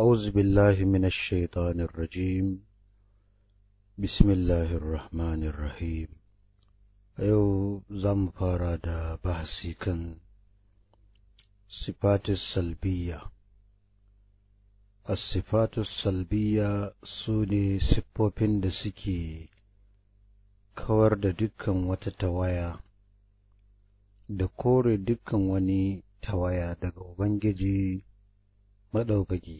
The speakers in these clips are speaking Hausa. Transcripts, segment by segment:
أعوذ بالله من الشيطان الرجيم بسم الله الرحمن الرحيم أيو زم فاردا بحثي كان صفات السلبية الصفات السلبية سوني سبوبين دسكي كورد da وتتوايا دكور tawaya وني توايا dukkan wani tawaya maɗaukaki.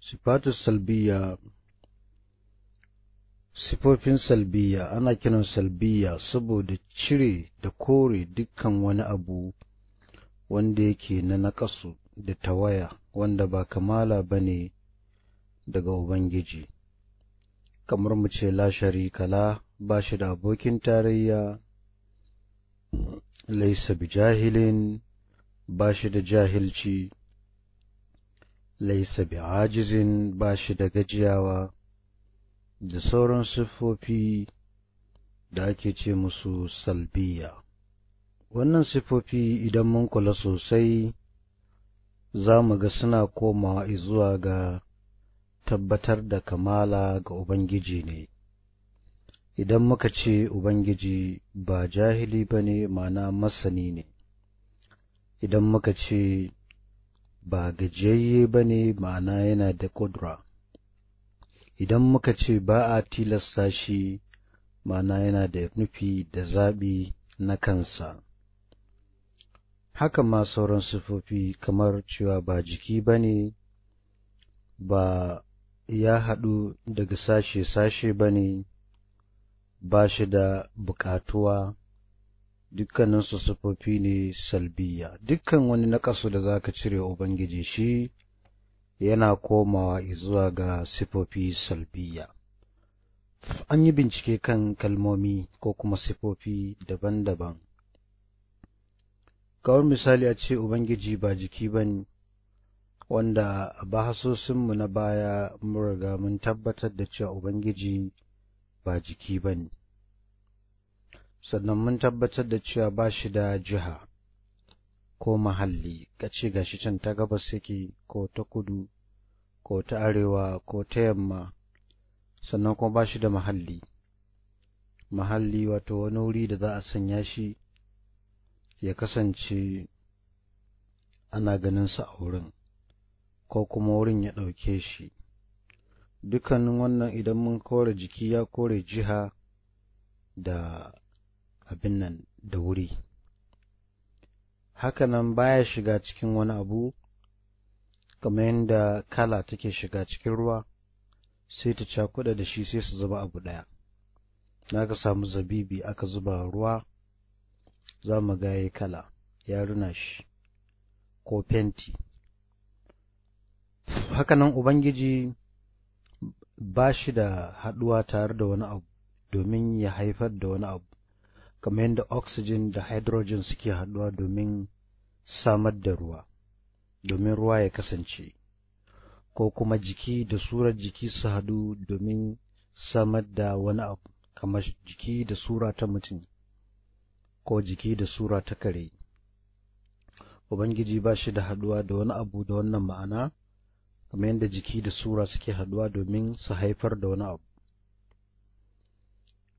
sifatu salbiya sifofin salbiya ana kiran salbiya saboda cire da kore dukkan wani abu wanda yake na naƙasu da tawaya wanda ba kamala ba ne daga ubangiji kamar mu ce la sharikala ba shi da abokin tarayya laisa Jahilin ba shi da jahilci laisa bi ajizin ba shi da gajiyawa da sauran siffofi da ake ce musu salbiya wannan sifofi idan mun kula sosai za mu ga suna komawa zuwa ga tabbatar da kamala ga ubangiji ne idan muka ce ubangiji ba jahili ba ne mana masani ne idan muka ce ba gajiyayye ba ne ma'ana yana da ƙudura idan muka ce ba a tilasta shi ma'ana yana da nufi da zaɓi na kansa haka ma sauran sifofi kamar cewa ba jiki ba ne ba ya haɗu daga sashe-sashe ba ne ba shi da buƙatuwa dukkanin su sufofi ne salbiya dukkan wani nakasu da zaka cire ubangiji shi yana komawa zuwa ga sifofi salbiya an yi bincike kan kalmomi ko kuma sifofi daban-daban kawar misali a ce ubangiji ba jiki ba ne wanda a bahasosinmu na baya mun riga mun tabbatar da cewa ubangiji ba jiki ba ne sannan mun tabbatar da cewa ba shi da jiha ko mahalli ka ga gashi can ta gabas yake ko ta kudu ko ta arewa ko ta yamma sannan kuma ba shi da mahalli mahalli wato wani wuri da za a sanya shi ya kasance ana ganin sa a wurin ko kuma wurin ya ɗauke shi dukkanin wannan idan mun kore jiki ya kore jiha da abin nan da wuri hakanan baya shiga cikin wani abu kamar yadda kala take shiga cikin ruwa sai ta cakuɗa da shi sai su zuba abu ɗaya na ka samu zabibi aka zuba ruwa za mu gaye kala ya runa shi ko fenti hakanan ubangiji ba shi da haɗuwa tare da wani abu domin ya haifar da wani abu kamar yadda oxygen da hydrogen suke haɗuwa domin samar da ruwa domin ruwa ya kasance ko kuma jiki da surar jiki su haɗu domin samar da wani abu kamar jiki da sura ta mutum ko jiki da sura ta kare ubangiji ba shi da haɗuwa da wani abu da wannan ma'ana kamar yadda jiki da sura suke haduwa domin su haifar da wani abu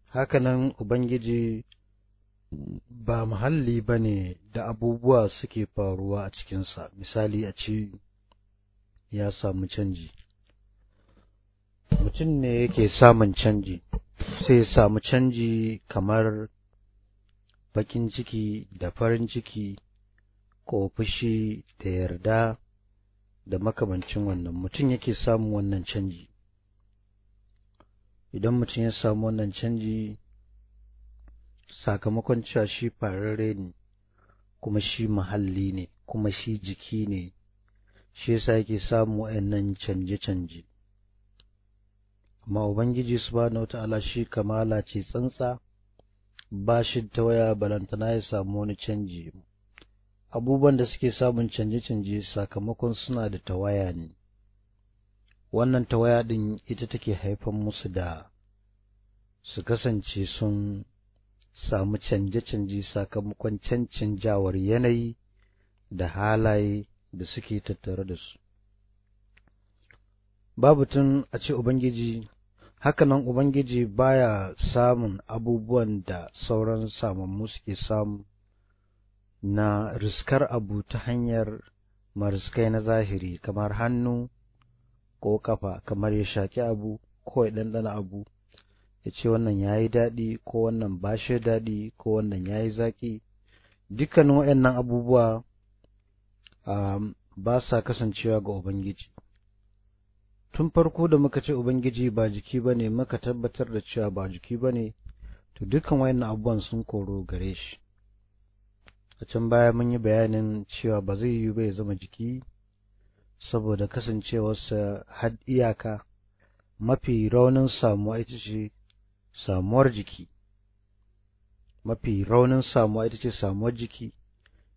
hakanan ubangiji ba muhalli ba ne da abubuwa suke faruwa a cikinsa misali a ce ya samu canji mutum ne yake samun canji sai ya samu canji kamar bakin ciki da farin ciki ko fushi da yarda da makamancin wannan mutum yake samun wannan canji idan mutum ya samu wannan canji sakamakon cewa shi fararre ne kuma shi muhalli ne kuma shi jiki ne shi yasa yake samu wa'annan canje-canje amma ubangiji subhanahu wataala shi kamala ce tsantsa ba shi ta waya balantana ya samu wani canji abubuwan da suke samun canje-canje sakamakon suna da tawaya ne wannan tawaya din ita take haifan musu da su kasance sun samu canje-canje sakamakon jawar yanayi da halaye da suke tattare da su. Babu tun a ce Ubangiji, hakanan Ubangiji baya samun abubuwan da sauran samammu suke samu na riskar abu ta hanyar mariskai na zahiri kamar hannu ko kafa kamar ya shaƙi abu ko ya ɗanɗana abu ya ce wannan ya yi daɗi ko wannan ba shi daɗi ko wannan ya yi zaƙi dukkanin waɗannan abubuwa um, ba sa kasancewa ga ubangiji tun farko da muka ce ubangiji ba jiki ba ne muka tabbatar da cewa ba jiki ba ne to dukkan waɗannan abubuwan sun koro gare shi a can baya mun yi bayanin cewa ba zai yi ba ya zama jiki saboda kasancewarsa had iyaka mafi raunin samuwa ita ce samuwar jiki mafi raunin samuwa ita ce samuwar jiki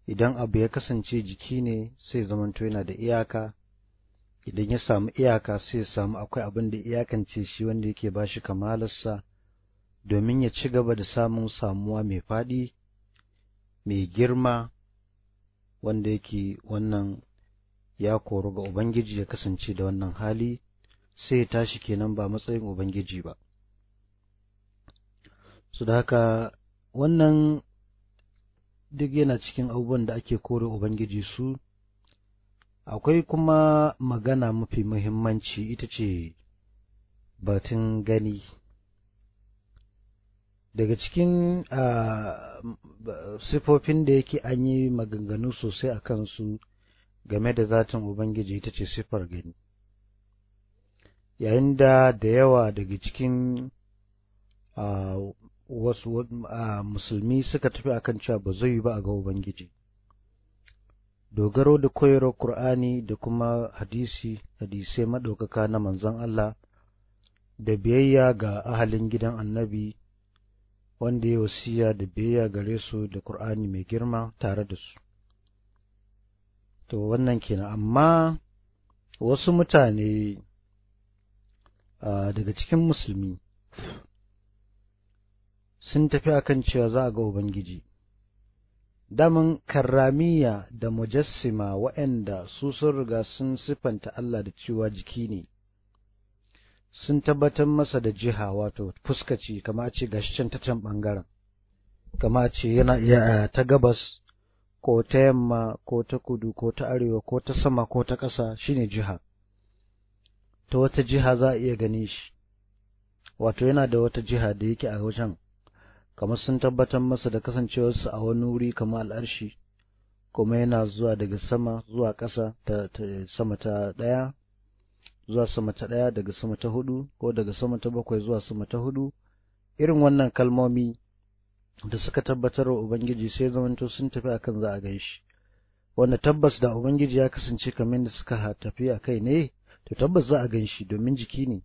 idan abu ya kasance jiki ne sai zamanto yana da iyaka idan ya samu iyaka sai ya samu akwai abin da iyakance shi wanda yake ba shi kamalarsa domin ya ci gaba da samun samuwa mai faɗi mai girma wanda yake wannan ya koru ga Ubangiji ya kasance da wannan hali sai ya tashi kenan ba matsayin Ubangiji ba. su da haka wannan duk yana cikin abubuwan da ake kore ubangiji su akwai kuma magana mafi muhimmanci ita ce batun gani daga cikin sifofin da yake an yi maganganu sosai a kansu game da zatin ubangiji ita ce siffar gani yayin da da yawa daga cikin wasu ah, musulmi suka tafi akan cewa ba zai yi ba a ga ubangiji dogaro da koyarwar Kur'ani da kuma hadisi hadisai maɗaukaka na manzon Allah da biyayya ga ahalin gidan annabi wanda ya wasiya da biyayya gare su da Kur'ani mai girma tare da su to wannan kenan amma wasu mutane ah, daga cikin musulmi sun tafi akan cewa za a ga ubangiji Damin karramiya da mujassima waɗanda su sun riga sun siffanta Allah da cewa jiki ne sun tabbatar masa da jiha wato fuskaci kama ce gashi can ta can ɓangaren kama ce yana iya eh, ta gabas ko ta yamma ko ta kudu ko ta arewa ko ta sama ko ta ƙasa shine jiha ta wata jiha za a iya gani shi wato yana da wata jiha da yake a wajen kamar sun tabbatar masa da kasancewarsa a wani wuri kamar al'arshi kuma yana zuwa daga sama zuwa ƙasa ta, sama ta ɗaya zuwa sama ta ɗaya daga sama ta hudu ko daga sama ta bakwai zuwa sama ta hudu irin wannan kalmomi da suka tabbatar wa ubangiji sai zamanto sun tafi akan za a gan shi wanda tabbas da ubangiji ya kasance kamar da suka tafi a kai ne to tabbas za a gan shi domin jiki ne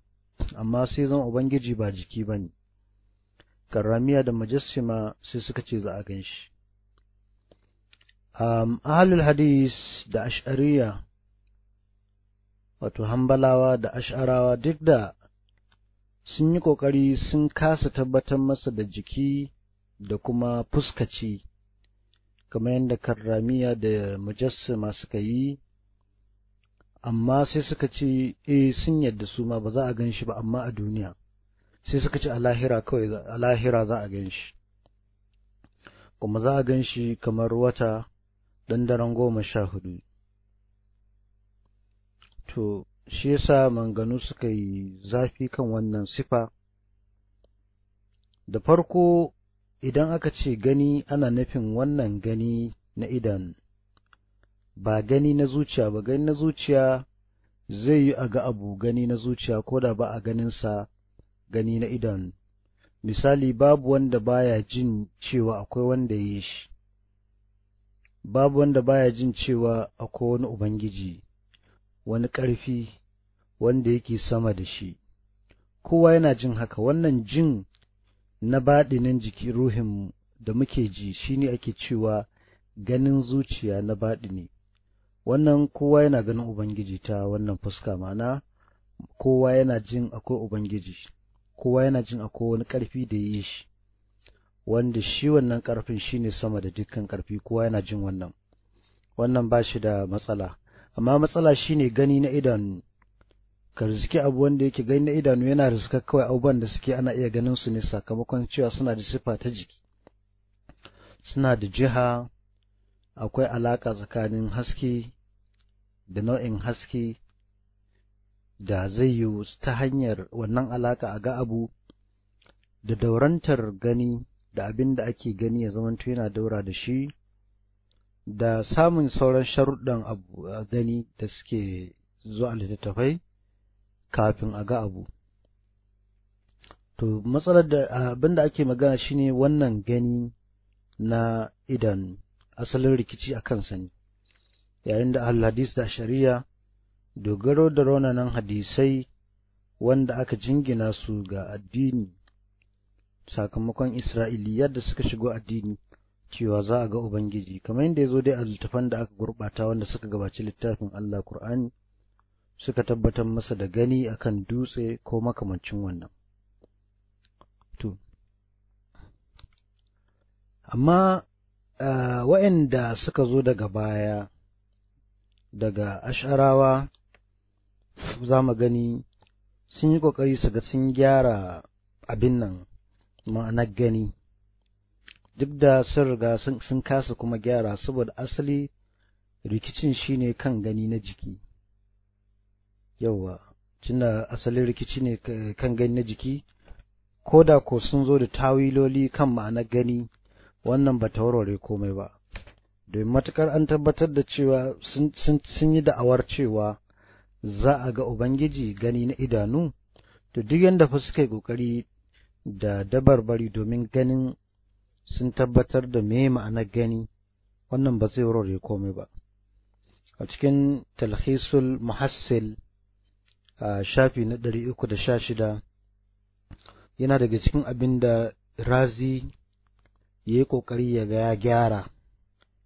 amma sai zama ubangiji ba jiki ba ne karramiya da majassima sai suka ce za a gan shi um, ahalul hadis da ash'ariya wato hambalawa da ash'arawa duk da sun yi ƙoƙari sun kasa tabbatar masa da jiki da kuma fuskaci kamar yadda karramiya da majassima suka yi amma sai suka ce e, sun yadda su ma ba za a gan shi ba amma a duniya sai suka ce a lahira kawai a za a gan shi kuma za a gan shi kamar wata ɗan daren goma sha hudu to shi yasa manganu suka yi zafi kan wannan sifa da farko idan aka ce gani ana nufin wannan gani na idan ba gani na zuciya ba gani na zuciya zai yi a ga abu gani na zuciya ko da ba a ganinsa gani na idanu misali babu wanda baya jin cewa akwai wanda ya yi shi babu wanda baya jin cewa akwai wani ubangiji wani ƙarfi wanda yake sama da shi kowa yana jin haka wannan jin na baɗinin jiki ruhin da muke ji shine ake cewa ganin zuciya na baɗini wannan kowa yana ganin ubangiji ta wannan fuska mana kowa yana jin akwai ubangiji kowa yana jin akwai wani ƙarfi da ya yi shi wanda shi wannan ƙarfin shi ne sama da dukkan ƙarfi kowa yana jin wannan wannan ba shi da matsala amma matsala shi ne gani na idanu ka riziki abu wanda yake gani na idanu yana rizka kawai abubuwan da suke ana iya ganin su ne sakamakon cewa suna da sifa ta jiki suna da jiha akwai alaƙa tsakanin haske da nau'in haske da zai yi ta hanyar wannan alaka a ga abu da daurantar gani da abin da ake gani ya zamanto yana daura da shi da samun sauran sharuɗan abu a gani da suke zuwa littattafai kafin a ga abu to matsalar da abin da ake magana shine wannan gani na idan asalin rikici a kansa ne yayin da al-hadis da shari'a dogaro da raunanan hadisai wanda aka jingina su ga addini sakamakon Isra'iliyar da suka shigo addini cewa za a ga Ubangiji kamar yadda ya zo dai a littafan da aka gurɓata wanda suka gabaci littafin Allah Kur'ani suka tabbatar masa da gani akan dutse ko makamancin wannan. To, amma uh, suka zo daga baya daga asharawa za mu gani sun yi ƙoƙari su ga sun gyara abin nan ma'anar gani duk da sun riga sun kasa kuma gyara saboda asali rikicin shine kan gani na jiki yauwa tunda asalin rikici ne kan gani na jiki ko da ko sun zo da tawiloli kan ma'anar gani wannan ba ta warware komai ba domin matukar an tabbatar da cewa sun yi da'awar cewa za a ga Ubangiji gani na idanu, to duk yadda fa suka yi ƙoƙari da dabarbari domin ganin sun tabbatar da me ma'anar gani, wannan ba zai warware komai ba. A cikin talhisul muhassil a shafi na ɗari uku da sha shida yana daga cikin abin da razi ya yi ƙoƙari ya ga gyara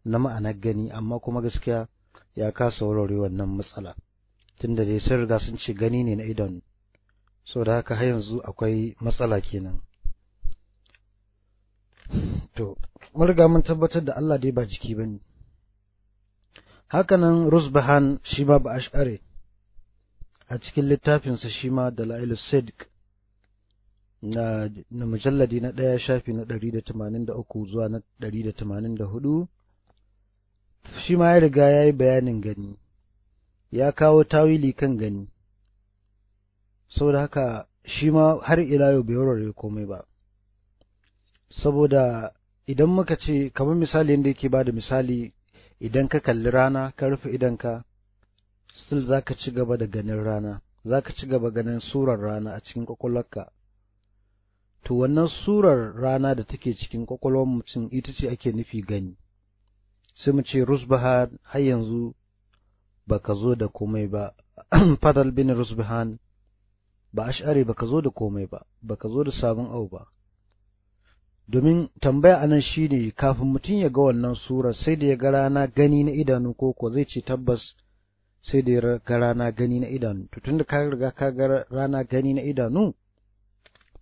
na ma'anar gani, amma kuma gaskiya ya kasa warware wannan matsala. tunda dai sun riga sun ce gani ne na idon so da haka har yanzu akwai matsala kenan to mun riga mun tabbatar da Allah dai ba jiki bane hakanan rusbahan shi ma ba ashare a cikin littafinsa shi ma da sidq na, na mujalladi na ɗaya shafi na ɗari zuwa na ɗari shi ma ya riga ya yi bayanin gani ya kawo tawili kan gani saboda haka shi ma har ila yau bai warware komai ba saboda idan muka ce kamar misali yadda yake ba da misali idan ka kalli rana ka rufe idanka still za ka ci gaba da ganin rana za ka ci gaba ganin surar rana a cikin kwakwalwarka to wannan surar rana da take cikin kwakwalwar mutum ita ce ake nufi gani sai mu ce rusbahar har yanzu baka zo da komai ba fadal bin rusbihan ba ash'ari baka zo da komai ba baka zo da sabon abu ba domin tambaya anan shine kafin mutum ya ga wannan sura sai da ya ga rana gani na idanu ko ko zai ce tabbas sai da ya ga rana gani na idanu to tunda ka riga ka ga rana gani na idanu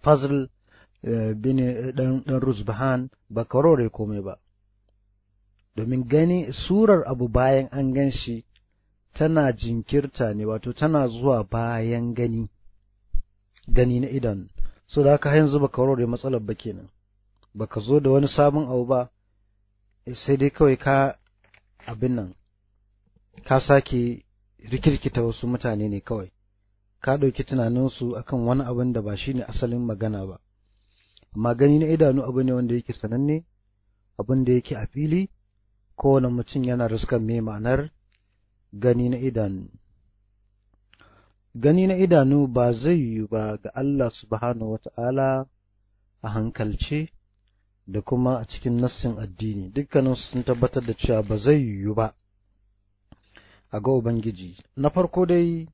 fazl eh, bin eh, dan dan rusbahan ba komai ba domin gani surar abu bayan an gan shi tana jinkirta ne wato tana zuwa bayan gani gani na idan so da haka yanzu baka warware matsalar ba kenan baka zo da wani sabon abu ba sai dai kawai ka abin nan ka sake rikirkita wasu mutane ne kawai ka ɗauki tunaninsu akan wani abin da ba shine asalin magana ba amma gani na idanu abu ne wanda yake sananne abin da yake a fili kowane mutum yana riskan mai ma'anar gani na idanu gani na idanu ba zai yiwu ba ga Allah subhanahu wata'ala a hankalce da kuma a cikin nassin addini dukkanin sun tabbatar da cewa ba zai yiwu ba a ga ubangiji na farko dai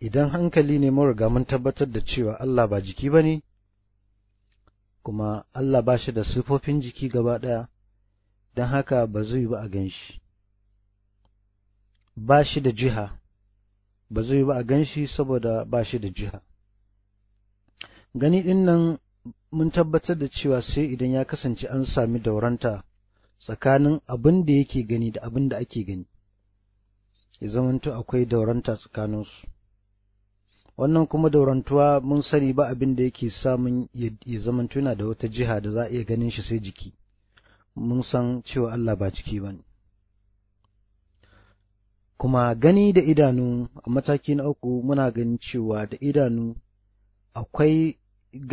idan hankali ne mun riga tabbatar da cewa Allah ba jiki ba ne kuma Allah ba shi da sifofin jiki gaba ɗaya don haka ba zai ba a gan shi ba shi da jiha ba zai ba a gan shi saboda ba shi da jiha gani ɗin nan mun tabbatar da cewa sai idan ya kasance an sami dauranta tsakanin abin da yake gani da abin da ake gani ya zamanto akwai dauranta tsakaninsu wannan kuma daurantuwa mun sani ba abin da yake samun ya zamanto yana da wata jiha da za a iya ganin shi sai jiki mun san cewa Allah ba jiki ba ne kuma gani da idanu a mataki na uku muna ganin cewa da idanu akwai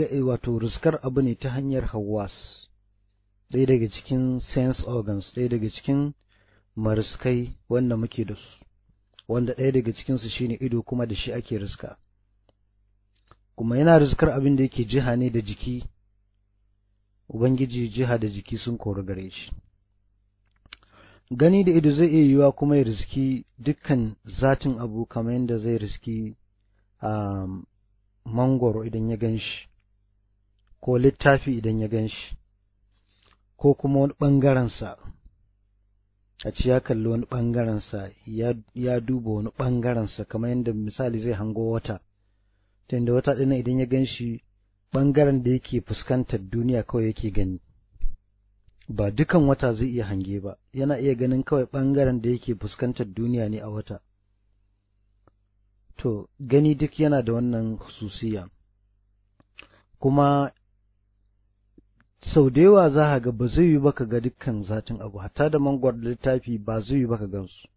eh, wato ruskar abu ne ta hanyar hawas ɗaya daga cikin sense organs ɗaya daga cikin maruskai wanda muke da su wanda ɗaya daga cikinsu shine ido kuma da shi ake ruska kuma yana ruskar abin da yake jiha ne da jiki ubangiji jiha da jiki sun kori gare shi gani da ido zai iya yiwa kuma ya riski dukkan zatin abu kamar yadda zai riski a um, mangoro idan ya gan shi ko littafi idan ya gan shi ko kuma wani ɓangarensa a ci ya kalli wani ɓangarensa ya duba wani ɓangarensa kamar yadda misali zai hango wata tunda wata ɗin idan ya gan shi ɓangaren da yake fuskantar duniya kawai yake gani ba dukan wata zai iya hange ba yana iya ganin kawai ɓangaren da yake fuskantar duniya ne a wata to gani duk yana da wannan hususiya kuma sau da yawa za ka ga ba zai yi baka ga dukkan zatin abu hatta da mangwar littafi ba zai yi baka gansu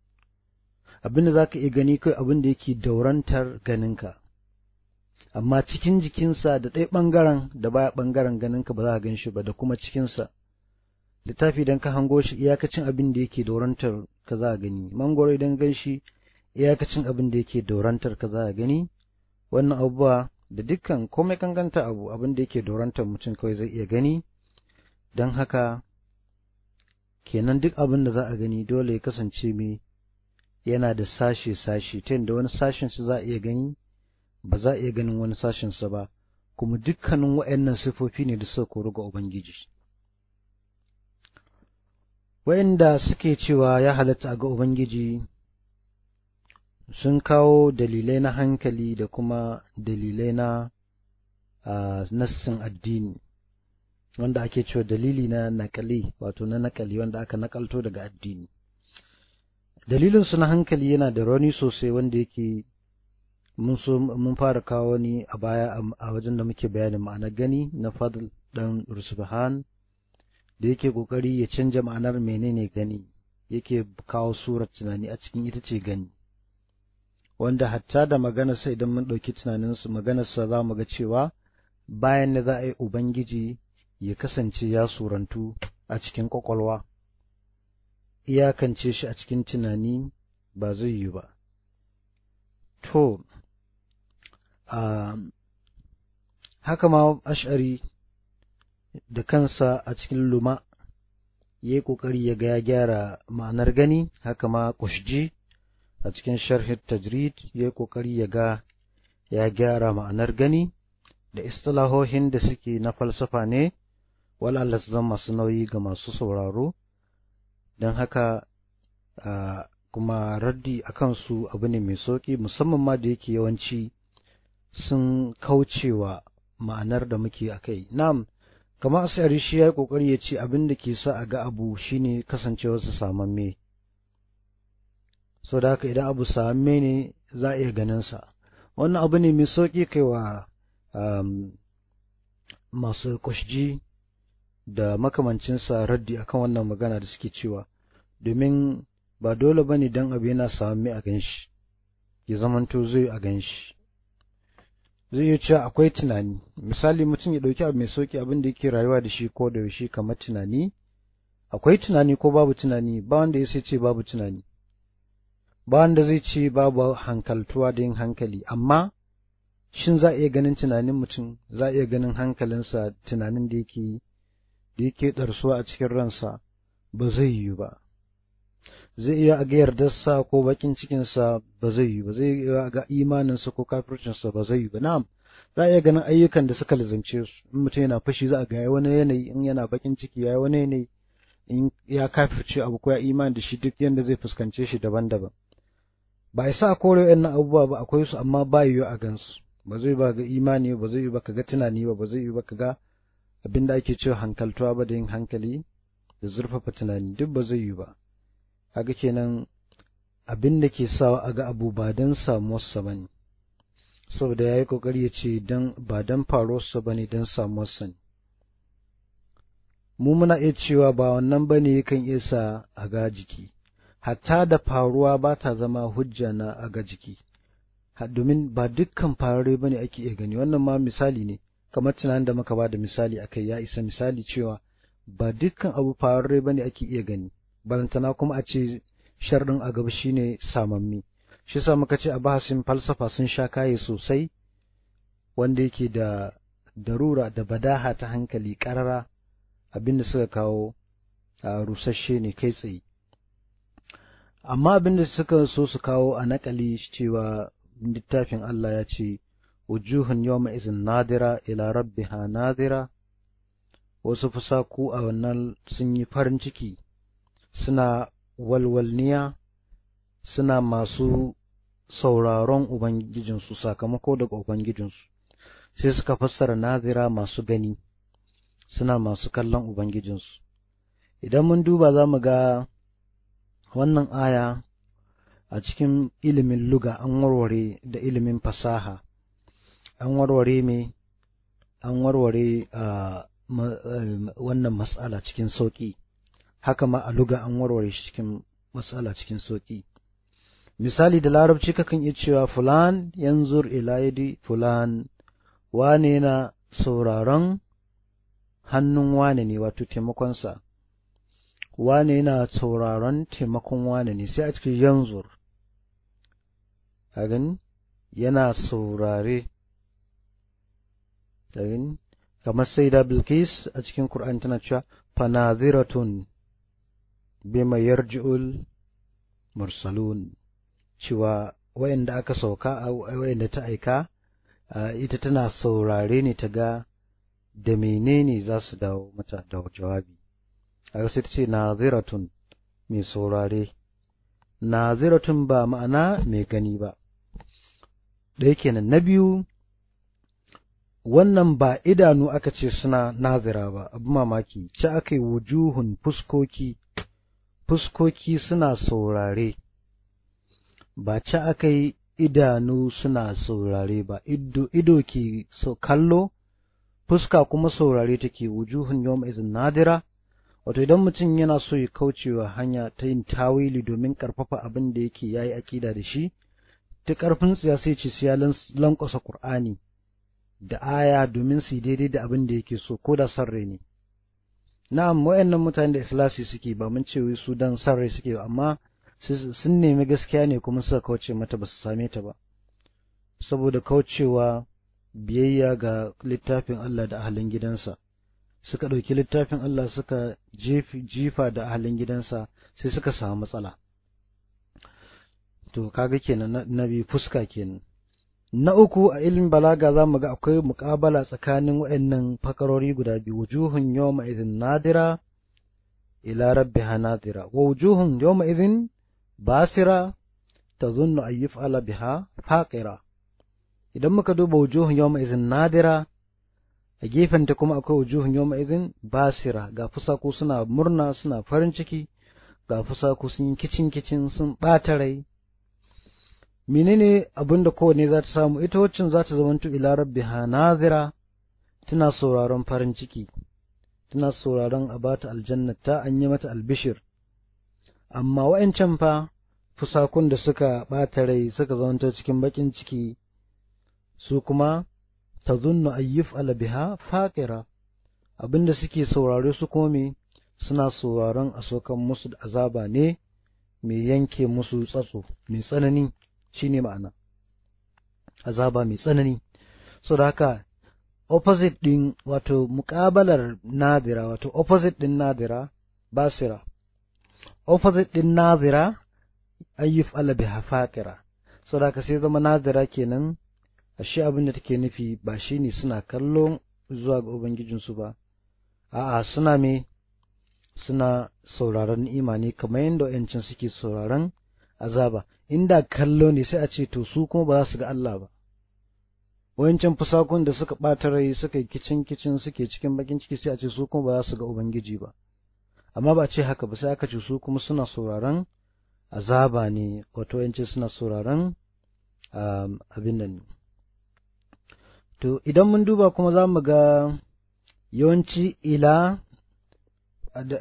abin da za ka iya gani kai abin da yake daurantar ganinka amma cikin jikinsa da ɗaya ɓangaren da baya ɓangaren ganinka ba za ka gan shi ba da kuma cikinsa littafi idan ka hango shi iyakacin abin da yake dorantar ka za a gani mangoro idan gan shi iyakacin abin da yake dorantar ka za a gani wannan abubuwa da dukkan komai kanganta abu abin da yake dorantar mutum kawai zai iya gani don haka kenan duk abin da za a gani dole ya kasance mai yana da sashe-sashe ta yadda wani su za a iya gani ba za a iya ganin wani sashensa ba kuma dukkanin waɗannan sifofi ne da suka koru ga Ubangiji. Waɗanda suke cewa ya halatta ga Ubangiji sun kawo dalilai na hankali da kuma dalilai na nassin addini wanda ake cewa dalili na nakali wato na nakali wanda aka nakalto daga addini dalilinsu na hankali yana da rauni sosai wanda yake mun fara kawo ni a baya a wajen da muke bayanin ma'anar gani na fadl dan rusbahan da yake kokari ya canja ma'anar menene gani yake kawo surar tunani a cikin ita ce gani wanda hatta da maganarsa idan mun ɗauki tunaninsu maganarsa za mu ga cewa bayan da za a yi ubangiji ya kasance ya surantu a cikin ƙwaƙwalwa iyakance shi a cikin tunani ba zai yi ba to haka ma ash'ari da kansa a cikin luma ya yi ƙoƙari ya ga ya gyara ma'anar gani haka ma ƙushji a cikin sharhin tajrid ya yi ƙoƙari ya ga ya gyara ma'anar gani da istilahohin da suke na falsafa ne walalas zan masu nauyi ga masu sauraro don haka kuma raddi a kansu abu ne mai sauƙi musamman ma da yake yawanci sun kaucewa ma'anar da muke a kai. Na'am. kamar asari shi ya yi ƙoƙari ya ce abin da ke sa a ga abu shine kasancewarsa samamme so da haka idan abu samamme ne za a iya ganin sa wannan abu ne mai sauki kai wa um, masu kushji da makamancinsa raddi akan wannan magana da suke cewa domin ba dole ba ne don abu yana samamme a ganshi ya zamanto zai a ganshi zai iya cewa akwai tunani misali mutum ya ɗauki abu mai sauki abin da yake rayuwa da shi ko da yaushe kamar tunani akwai tunani ko babu tunani ba wanda ya sai ce babu tunani ba wanda zai ce babu hankaltuwa da yin hankali amma shin za a iya ganin tunanin mutum za a iya ganin hankalinsa tunanin da yake da yake ɗarsuwa a cikin ransa ba zai yiwu ba zai iya a ga yardarsa ko bakin cikinsa ba zai yi ba zai iya a ga imaninsa ko kafircinsa ba zai yi ba na'am za a iya ganin ayyukan da suka lazimce su in mutum yana fashi za a ga ya wani yanayi in yana bakin ciki ya wani yanayi in ya kafirce abu ko ya imani da shi duk yanda zai fuskance shi daban-daban ba sa kore wayannan abubuwa ba akwai su amma ba yi a gansu ba zai ba ga imani ba zai yi ba ka ga tunani ba ba zai yi ba ka ga abin da ake cewa hankaltuwa ba da yin hankali da zurfafa tunani duk ba zai yi ba A ga kenan abin da ke sawa ga abu ba don samuwarsa ba ne saboda ya yi ƙoƙari ya ce ba don faruwarsa ba ne don samuwarsa ne mu muna iya cewa ba wannan ba ne yakan iya sa a ga jiki hatta da faruwa ba ta zama hujja na ga jiki domin ba dukkan farare ba ne ake iya gani wannan ma misali ne kamar tunanin da muka ba da misali akai ya isa misali cewa ba dukkan abu farare ba ne ake iya gani balantana kuma a ce sharɗin a gaba shine samammi shi sa muka ce a bahasin falsafa sun sha kaye sosai wanda yake da darura da badaha ta hankali ƙarara abinda suka kawo a rusasshe ne kai tsaye amma abinda suka so su kawo a nakali cewa littafin Allah ya ce wujuhun yawma izin nadira ila rabbiha nadira wasu ku a wannan sun yi farin ciki suna walwalniya suna masu sauraron ubangijinsu sakamako daga ubangijinsu sai suka fassara nazira masu gani suna masu kallon ubangijinsu idan mun duba za mu ga wannan aya a cikin ilimin luga an warware da ilimin fasaha an warware me an warware ah, eh, wannan matsala cikin sauƙi haka ma a luga an warware shi cikin matsala cikin sauƙi misali da larabci kakan iya cewa fulan yanzur ila yadi fulan wane na sauraron hannun wane ne wato taimakonsa wane na sauraron taimakon wane ne sai a cikin yanzur agin yana saurare agin kamar sai da bilkis a cikin Kur'an tana cewa fanaziratun bima yarji'ul mursalun cewa wayanda aka sauka a wayanda ta aika ita tana saurare ne ta ga da menene za su dawo mata da jawabi a sai ta ce naziratun mai saurare naziratun ba ma'ana mai gani ba ɗaya kenan na biyu wannan ba idanu aka ce suna nazira ba abu mamaki ci aka yi wujuhun fuskoki fuskoki suna saurare ba ci aka yi idanu suna saurare ba ido ke so kallo fuska kuma saurare take wujuhun yom izin nadira wato idan mutum yana so ya kaucewa hanya ta yin tawili domin karfafa abin da yake yayi aƙida da shi ta ƙarfin tsiya sai ci siya lankwasa qur'ani da aya domin su daidai da abin da yake so ko da sarre ne na'am wayannan mutane da ikhlasi suke ba mun ce su dan san rai suke amma sun nemi gaskiya ne kuma suka kauce mata ba su same ta ba saboda kaucewa biyayya ga littafin Allah da ahalin gidansa suka ɗauki littafin Allah suka jifa da ahalin gidansa sai suka samu matsala to kaga kenan na bi fuska kenan na uku a ilmin balaga za mu ga akwai muƙabala tsakanin waɗannan fakarori guda biyu wujuhun yawma izin nadira ila rabbiha nadira wa wujuhun yawma izin basira ta zunnu a yi fa’ala biha faƙira. idan muka duba wujuhun yawma izin nadira a gefenta kuma akwai wujuhun yawma izin basira ga fusaku suna murna suna farin ciki ga fusaku sun yi kicin kicin sun ɓata rai menene abin da kowane za ta samu ita waccan za ta zamanto ila ha nazira tana sauraron farin ciki tana sauraron a ba bata aljannata an yi mata albishir amma wa'ancan fa fusakun da suka ɓata rai suka zamanta cikin bakin ciki su kuma ta zunnu ayyuf alabiha faƙira da suke saurare su kome suna sauraron a sokan musu da azaba ne mai yanke musu tsatso mai tsanani shine ma'ana azaba mai tsanani so da haka opposite din wato mukabalar nadira wato opposite din nadira basira opposite din nadira ayyuf ala biha so da haka sai zama nadira kenan ashe abin da take nufi ba shi ne suna kallo zuwa ga ubangijinsu ba a'a suna me suna sauraron ni'ima ne kamar yadda 'yancin suke sauraron azaba in da kallo ne sai a ce to su kuma ba za su ga Allah ba wancan fusakun da suka ɓata rai suka yi kicin kicin suke cikin bakin ciki sai a ce su kuma ba za su ga ubangiji ba amma ba ce haka ba sai aka ce su kuma suna sauraron azaba ne wato yance suna sauraron um, abin nan to idan mun duba kuma za mu ga yawanci ila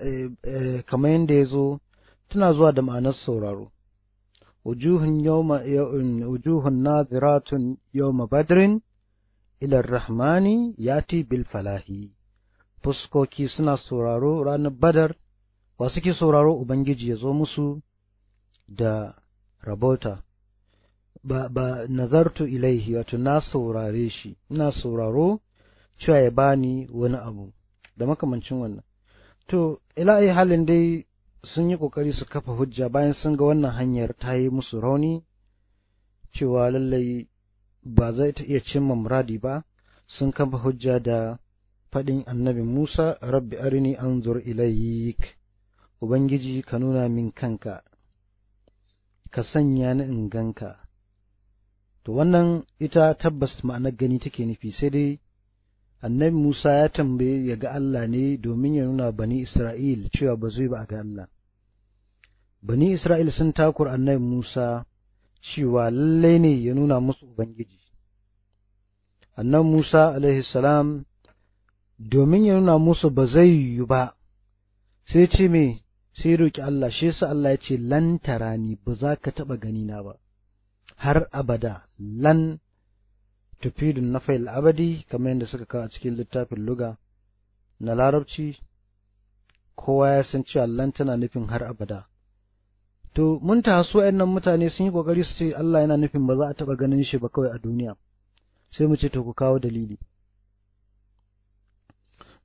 eh, eh, kamar yadda ya zo tana zuwa da ma'anar sauraro وجوه Naziratun وجوه badrin ilar rahmani yati bil falahi, fuskoki suna sauraro ranar badar wa suke sauraro ubangiji ya zo musu da rabota ba, ba nazartu ilaihi wato na saurare shi ina sauraro cewa ya bani wani abu da makamancin wannan to ila halin dai sun yi ƙoƙari su kafa hujja bayan sun ga wannan hanyar ta yi musu rauni cewa lallai ba zai ta iya cimma muradi ba sun kafa hujja da faɗin annabi Musa rabbi arini anzur ilayik ubangiji ka nuna min kanka ka sanya ni in ganka to wannan ita tabbas ma'anar gani take nufi sai dai annabi Musa ya tambaye ya ga Allah ne domin ya nuna bani Isra'il cewa ba zai ba a ga Allah. Bani Isra'il sun takur annabi Musa cewa lallai ne ya nuna musu Ubangiji. Annabi Musa salam domin ya nuna musu ba zai yi ba, sai ce me sai roƙi Allah, shi yasa Allah ya ce lantara ne ba za ka taɓa ganina ba, har abada lan tufidun na fa'il abadi kamar yadda suka kawo a cikin littafin luga na larabci kowa ya san cewa lan tana nufin har abada to mun taso nan mutane sun yi kokari su ce Allah yana nufin ba za a taba ganin shi ba kawai a duniya sai mu ce to ku kawo dalili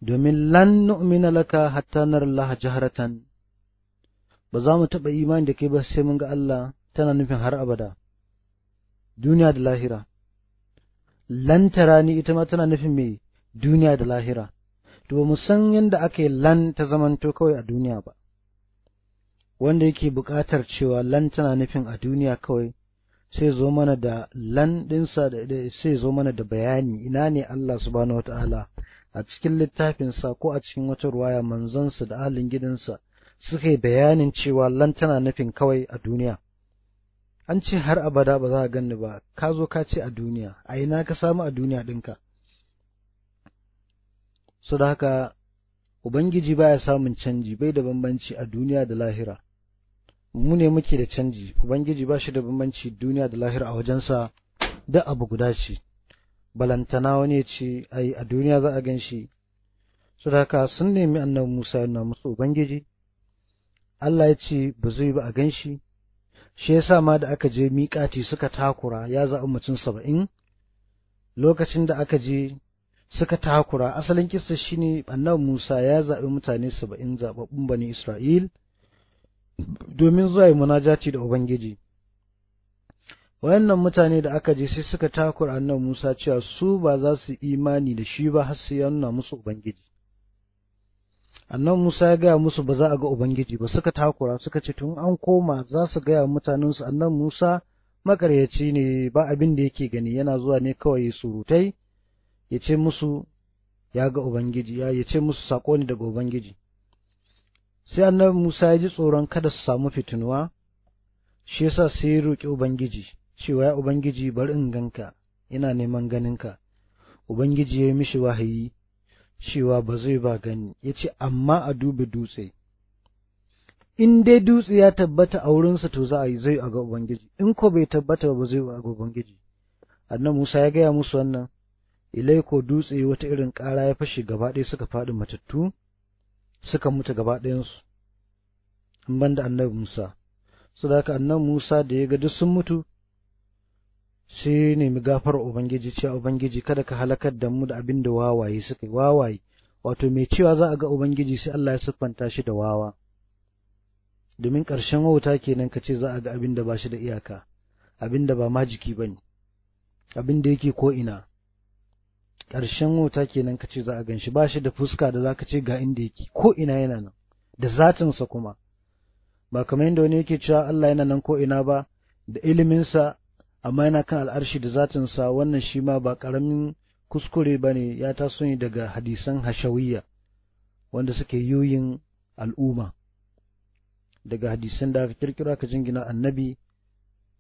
domin lan nu'mina laka hatta nar Allah jaharatan ba za mu taɓa imani da kai ba sai mun ga Allah tana nufin har abada duniya da lahira lantarani ita ma tana nufin mai duniya da lahira to ba mu san yadda aka yi lan ta zamanto kawai a duniya ba wanda yake buƙatar cewa lan tana nufin a duniya kawai sai zo mana da lan ɗinsa sai zo mana da bayani ina ne Allah subhanahu wata'ala a cikin littafinsa ko a cikin wata ruwaya manzansa da ahalin gidansa suka yi bayanin cewa lan tana nufin kawai a duniya an ce har abada ba za a ganni ba ka zo ka ce a duniya a ina ka samu a duniya ɗinka su da haka ubangiji baya samun canji bai da bambanci a duniya da lahira mu ne muke da canji ubangiji ba shi da bambanci duniya da lahira a wajensa da abu guda ce balantana wani ce ai a duniya za a gan shi su da haka sun nemi annabi musa yana musu ubangiji allah ya ce ba zai ba a gan shi shi yasa ma da aka je miƙati suka takura ya zaɓi mutum saba'in lokacin da aka je suka takura asalin kisa shi ne annabi Musa ya zaɓi mutane saba'in zaɓaɓɓun bani Isra'il domin zuwa yi munajati da Ubangiji wayannan mutane da aka je sai suka takura annabi Musa cewa su ba za su imani da shi ba har sai ya nuna musu Ubangiji annan Musa ya gaya musu ba za a ga Ubangiji ba suka takura suka ce tun an koma za su gaya mutanensu annan Musa makaryaci ne ba abin da yake gani yana zuwa ne kawai surutai ya ce musu ya ga Ubangiji ya ce musu sako ne daga Ubangiji sai Annan Musa ya ji tsoron kada su samu fitinuwa shi yasa sai ya roƙi Ubangiji cewa ya Ubangiji bari in ganka ina neman ganinka Ubangiji ya yi mishi wahayi cewa ba zai ba gani ya ce amma a dubi dutse in dai dutse ya tabbata a wurinsa to za a yi zai ga ubangiji in ko bai tabbata ba zai ga ubangiji annan musa ya gaya musu wannan ko dutse wata irin ƙara ya fashe gaba ɗaya suka faɗi matattu suka mutu gaba ɗayansu in ban da annabi musa Sadaka haka annabi musa da ya ga duk sun mutu sai nemi gafar ubangiji cewa ubangiji kada ka halakar da mu da abin da wawaye suka wawaye wato mai cewa za a ga ubangiji sai Allah ya siffanta shi da wawa domin ƙarshen wauta kenan ka ce za a ga abin da ba shi da iyaka abin da ba ma jiki ba ne abin da yake ko ina ƙarshen wauta kenan ka ce za a ganshi ba shi da fuska da za ka ce ga inda yake ko ina yana nan da zatinsa kuma ba kamar yadda wani yake cewa Allah yana nan ko ina ba da iliminsa amma yana kan al'arshi da zatinsa wannan shi ma ba ƙaramin kuskure ba ne ya taso ne daga hadisan hashawiyya wanda suke yuyin al'umma daga hadisan da aka kirkira ka jingina annabi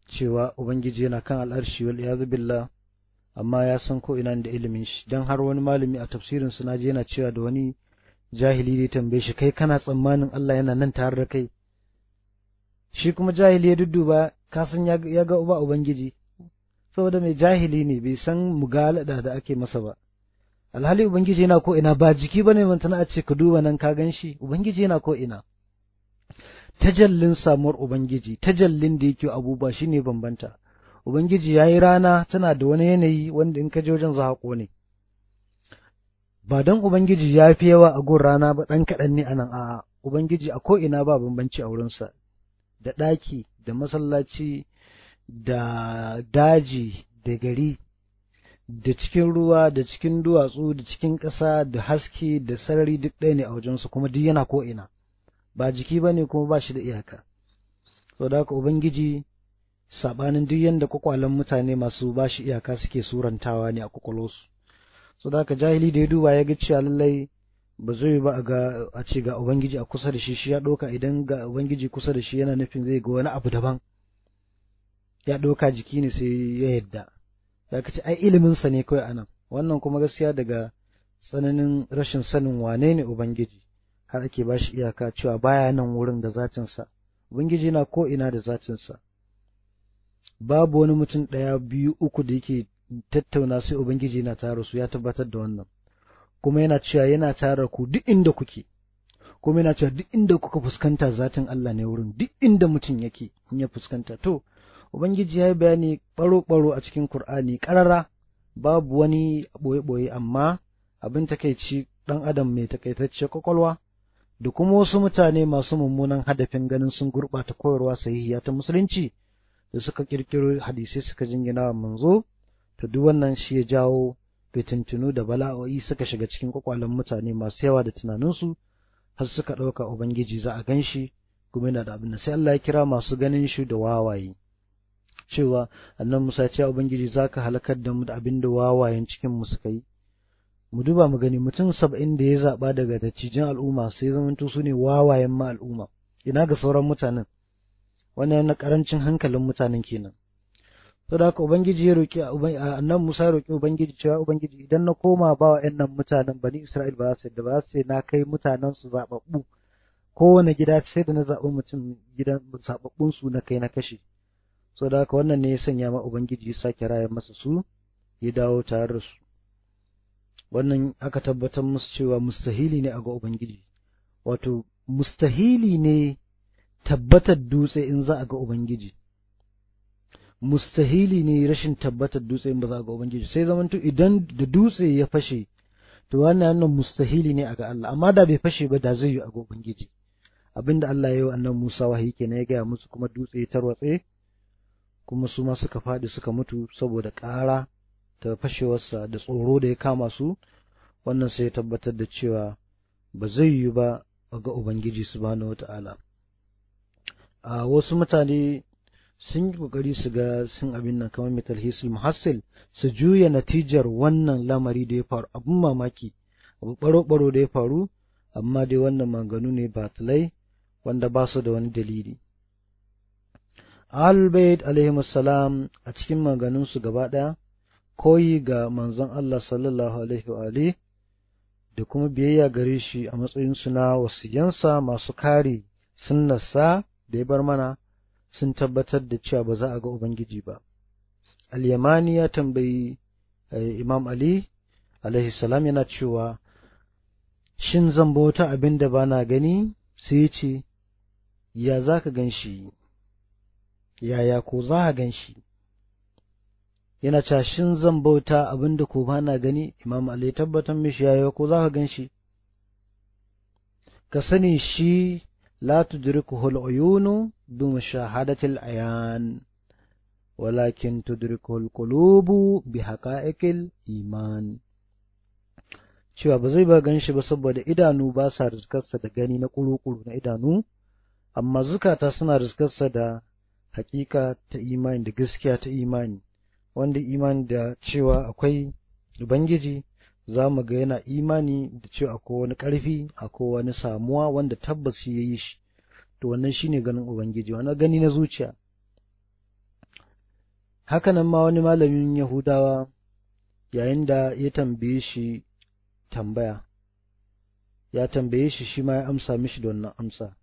cewa ubangiji yana kan al'arshi wal iyazu billah amma ya san ko ina da ilimin shi dan har wani malami a tafsirin su naji yana cewa da wani jahili ne tambaye shi kai kana tsammanin Allah yana nan tare da kai shi kuma jahili ya dudduba kasan ya ga uba ubangiji saboda mai jahili ne bai san mugalada da ake masa ba alhali ubangiji yana koina ba jiki ne mantana a ce ka duba nan ka gan shi ubangiji yana ko'ina. tajallin samuwar ubangiji tajallin da yake abubuwa shine bambanta ubangiji ya yi rana tana da wani yanayi wanda in ka ji wajen za ne ba don ubangiji ya fi yawa a gun rana ba ɗan kaɗan ne a nan. a'a ubangiji a ko'ina ba bambanci a wurinsa da ɗaki da masallaci da daji da gari da cikin ruwa da cikin duwatsu da cikin ƙasa da haske da sarari duk ɗaya ne a wajensu kuma duk yana ko'ina ba jiki ba ne kuma ba shi da iyaka sau da haka ubangiji saɓanin duk yadda kwakwalen mutane masu ba shi iyaka suke surantawa ne a kwakwalwarsu sau da haka jahili da ya duba ya ga cewa lallai ba zai ba ga a ce ga ubangiji a kusa da shi shi ya ɗauka idan ga ubangiji kusa da shi yana nufin zai ga wani abu daban ya ɗauka jiki ne sai ya yadda Ya ka ce ai iliminsa ne kawai anan wannan kuma gaskiya daga tsananin rashin sanin wane ne ubangiji har ake ba shi iyaka cewa baya nan wurin da zatinsa ubangiji na ko ina da zatinsa babu wani mutum ɗaya biyu uku da yake tattauna sai ubangiji na taro su ya tabbatar da wannan kuma yana cewa yana tara ku duk inda kuke kuma yana cewa duk inda kuka fuskanta zatin Allah ne wurin duk inda mutum yake in ya fuskanta to ubangiji ya yi bayani baro baro a cikin Kur'ani karara babu wani boye boye amma abin takeici ɗan adam mai takaitacce kwakwalwa da kuma wasu mutane masu mummunan hadafin ganin sun gurɓata koyarwa sahihiya ta musulunci da suka kirkiro hadisai suka jingina manzo to duk wannan shi ya jawo fitintunu da bala'o'i suka shiga cikin kwakwalen mutane masu yawa da tunaninsu har suka ɗauka ubangiji za a gan shi kuma yana da abin sai Allah ya kira masu ganin shi da wawaye cewa annan Musa ce ubangiji za ka halakar da mu da abin da wawayen cikin mu suka yi mu duba mu gani mutum saba'in da ya zaɓa daga dattijan al'umma sai zamanto su ne wawayen ma al'umma ina ga sauran mutanen wannan na karancin hankalin mutanen kenan saboda haka ubangiji ya roki annan Musa ya roki ubangiji cewa ubangiji idan na koma ba wa nan mutanen bani Isra'il ba za su yadda ba za su na kai mutanen su kowane gida sai da na zaɓi mutum gidan zaɓaɓɓunsu na kai na kashe saboda haka wannan ne ya sanya ma ubangiji ya sake raya masa su ya dawo tare da su wannan aka tabbatar musu cewa mustahili ne a ga ubangiji wato mustahili ne tabbatar dutse in za a ga ubangiji mustahili ne rashin tabbatar dutse in ba za ga ubangiji sai zamanto idan da dutse ya fashe to wannan yana mustahili ne a ga Allah amma da bai fashe ba da zai yi a ga ubangiji abinda Allah ya yi wa annabi Musa wahayi kenan ya gaya musu kuma dutse ya tarwatse kuma su ma suka fadi suka mutu saboda ƙara ta fashewarsa da tsoro da ya kama su wannan sai ya tabbatar da cewa ba zai yi ba ga Ubangiji subhanahu wata'ala a wasu mutane sun yi kokari su ga sun abin nan kamar mai talhisul muhassil su juya natijar wannan lamari da ya faru abin mamaki abu ɓaro-ɓaro da ya faru amma dai wannan maganu ne batilai wanda ba su da wani dalili albayt alaihi salam a cikin maganunsu gaba ɗaya koyi ga manzon Allah sallallahu alaihi wa alihi da kuma biyayya gare shi a matsayin suna wasiyansa masu kare sunnarsa da ya bar mana sun tabbatar da cewa ba za a ga ubangiji ba al-yamani ya tambayi eh, imam ali alaihi salam yana cewa shin zan bauta abin da bana gani sai ya ce ya za ka gan shi yaya ko za ka gan shi yana cewa shin zan bauta abin da ko bana gani imam ali tabbatar mishi yaya ko za ka gan shi ka sani shi لا تدركه العيون بمشاهدة العيان ولكن تدركه القلوب بحقائق الإيمان cewa ba zai ba gan shi ba saboda idanu ba sa riskarsa da gani na kuru na idanu amma zukata suna riskarsa da hakika ta imani da gaskiya ta imani wanda imani da cewa akwai ubangiji za mu ga yana imani da cewa akwai wani ƙarfi akwai wani samuwa wanda tabbas shi ya yi shi to wannan shine ganin ubangiji wani gani na zuciya hakanan ma wani malamin yahudawa yayin da ya tambaye shi tambaya ya tambaye shi shi ma ya amsa mishi da wannan amsa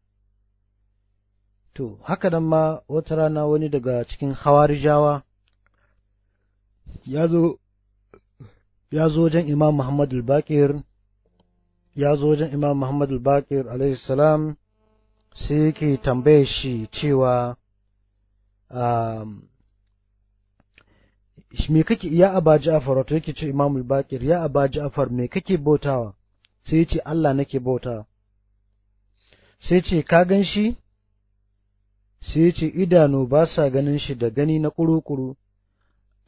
to hakanan ma wata rana wani daga cikin hawarijawa ya zo ya zo wajen imam muhammad al-bakir ya zo wajen imam muhammad al-bakir salam sai yake tambaye shi cewa um, me kake ya aba ja'far wato yake ce imam al-bakir ya aba ja'far me kake bautawa sai ce Allah nake bautawa. sai ce ka gan shi sai ce idanu ba sa ganin shi da gani na kuru-kuru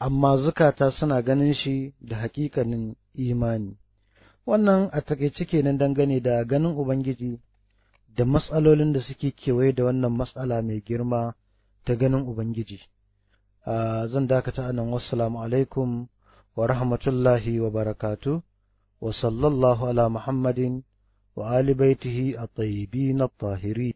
amma zukata suna ganin shi da hakikanin imani wannan a takaice kenan dangane da ganin ubangiji da matsalolin da suke kewaye da wannan matsala mai girma ta ganin ubangiji zan dakata anan wassalamu alaikum wa rahmatullahi wa barakatu wa sallallahu ala muhammadin wa alibaitihi a at-tayyibin at